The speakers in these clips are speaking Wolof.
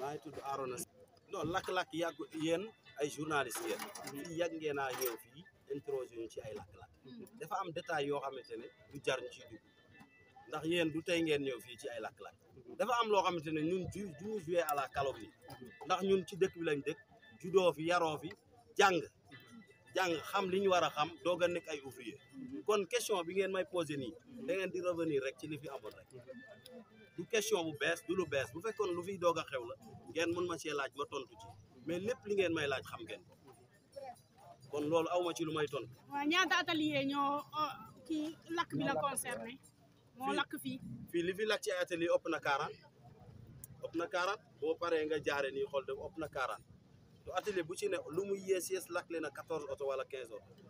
maa ngi tudd Arona non lakk-lakk yàggu yéen ay journaliste yéen mm-hmm. fii yàgg ñëw fii interrogé ñu ci ay lakk mm-hmm. dafa am détail yoo xamante ne du jar ñu ndax yéen du tey ngeen ñëw fii ci ay lakk-lakk mm-hmm. dafa am loo xamante ne ñun du duñu joué à la ndax ñun ci dëkk bi lañ dëkk judoo fi yaroo fi jàng jàng xam li ñu war a xam doog a nekk ay ouvrier kon question bi ngeen may posé nii da di revenir rek ci li fi amoon rek du question bu bees du lu bees bu fekkoon lu fiy doog a xew la ngeen mën ma cee laaj ma tontu ci mais lépp li ngeen may laaj xam ngeen kon loolu aw ma ci lu may ton waaw ñaata atelier ñoo oh, kii lakk bi la concerné moo lakk fii. fii li fi lakk ci atelier ëpp na 40 ëpp na 40 boo paree nga jaare nii xool de op na 40 du atelier bu ci ne lu muy yees yees lakk leen a 14 oto wala 15 oto.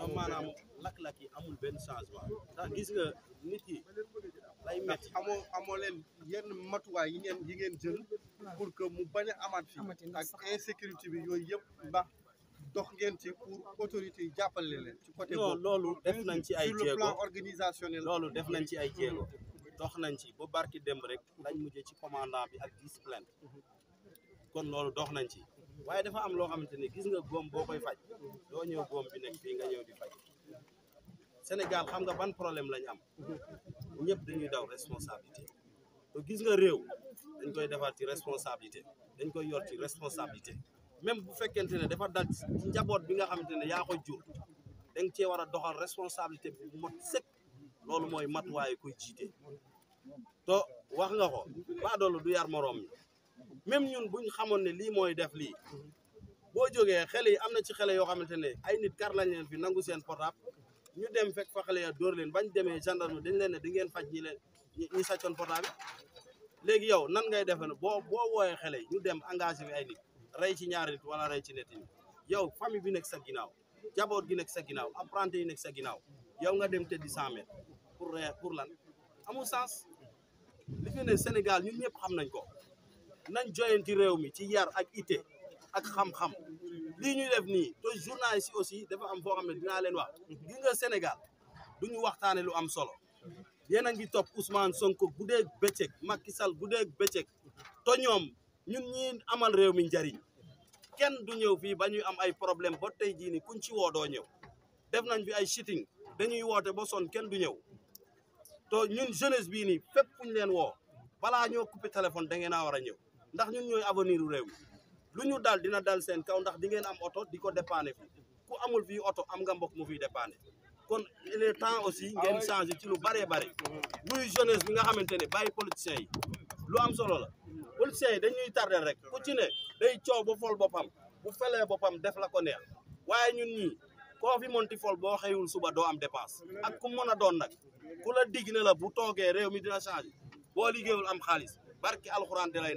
donc maanaam lakk-lakk yi amul benn changement ndax gis nga nit yi lay métti amoo amoo leen yenn matuwaay yi ngeen ngeen jël pour que mu bañ a amaat fi ak insécurité bi yooyu yëpp ndax dox ngeen ci pour yi jàppale leen ci côté loolu def nañ ci ay jéego sur le loolu def nañ ci ay jéego dox nañ ci ba barki demb rek lañ mujjee ci commandant bi ak dix plainte kon loolu dox nañ ci waaye dafa am loo xamante ne gis nga góom boo koy faj doo ñëw góom bi nekk fii nga ñëw di faj Sénégal xam nga ban problème lañ am ñëpp dañuy daw responsabilité te gis nga réew dañ koy defar ci responsabilité dañ koy yor ci responsabilité même bu fekkente ne dafa dal njaboot bi nga xamante ne yaa ko jur da nga cee war a doxal responsabilité bu mot sëkk loolu mooy matuwaay koy jiite to wax nga ko doolu du yar moroom yi même ñun buñ xamoon ne lii mooy def lii boo jógee xel yi am na ci xele yoo xamante ne ay nit kar lañ leen fi nangu seen portable ñu dem fekk fa xale ya dóor leen bañ demee gendarme dañ leen ne di ngeen faj ñi leen ñi sàccoon portable léegi yow nan ngay defe ne boo boo wooyee xele ñu dem engagé bi ay nit rey ci ñaari nit wala rey ci nit yi yow famille bi nekk sa ginnaaw jaboot gi nekk sa ginnaaw apprenti yi nekk sa ginnaaw yow nga dem tëddi cent mètres pour pour lan amul sens li fi Sénégal ñun ñëpp xam nañ ko nañ joyanti réew mi ci yar ak ité ak xam-xam lii ñuy def nii te journaliste yi aussi dafa am foo xam ne dinaa leen wax gi senegal du ñu waxtaane lu am solo yéen a ngi topp Ousmane Sonko guddeeg bëccëg Macky Sall guddeeg bëccëg te ñoom ñun ñii amal réew mi njariñ kenn du ñëw fii ba ñu am ay problème ba tey jii ni kuñ ci woo doo ñëw def nañ fi ay shooting dañuy woote ba son kenn du ñëw to ñun jeunesse bii nii fépp fuñ leen woo balaa ñoo coupé téléphone da ngeen a war a ñëw ndax ñun ñooy avenir u réew lu ñu dal dina dal seen kaw ndax di ngeen am oto di ko dépanner fi ku amul fii oto am nga mbokk mu fiy dépanner kon il est temps aussi ngeen ah changer ci lu bëree bëri muy jeunesse bi nga xamante ne bàyyi politiciens yi lu am solo la politiciens yi dañuy tardel rek ku ci ne day coow ba fol boppam bu felee boppam def la ko neex waaye ñun ñii koo fi monti fol boo xëyul suba doo am dépense ak ku mën a doon nag ku la dig ne la bu toogee réew mi dina changer boo liggéeyul am xaalis barki alxuraan di lay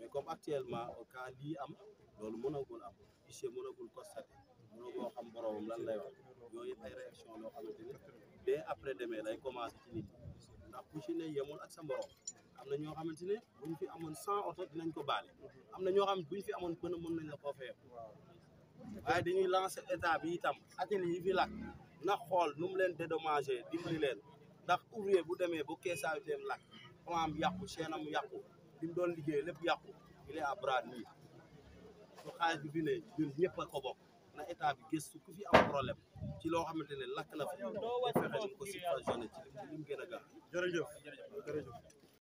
mais comme actuellement au cas lii am loolu mënagul am huissier mënagul constaté mënagoo xam boromam lan lay wax yooyu ay réaction loo xamante ni dès après demee lay commencé ci nit ñi ndax ku ci ne yemul ak sa morom am na ñoo xamante ne buñ fi amoon cent oto dinañ ko baale am na ñoo xam buñ fi amoon bën a mën nañ la koo fayam waaye dañuy lancer état bi itam atelier yi fi lakk na xool nu mu leen dédommagé dimbali leen ndax ouvrier bu demee ba keesaayu teem lakk plan bi yàqu chaîne am yàqu li doon liggéey lép yàqu il est à bras nu su xaalis bi fi ne ñun ñëpp na état bi gëstu ku fi a problème ci loo xamante ne lakk na fi fexe ko subventionné ci li mu gën a gaaw jërëjëf jërëjëf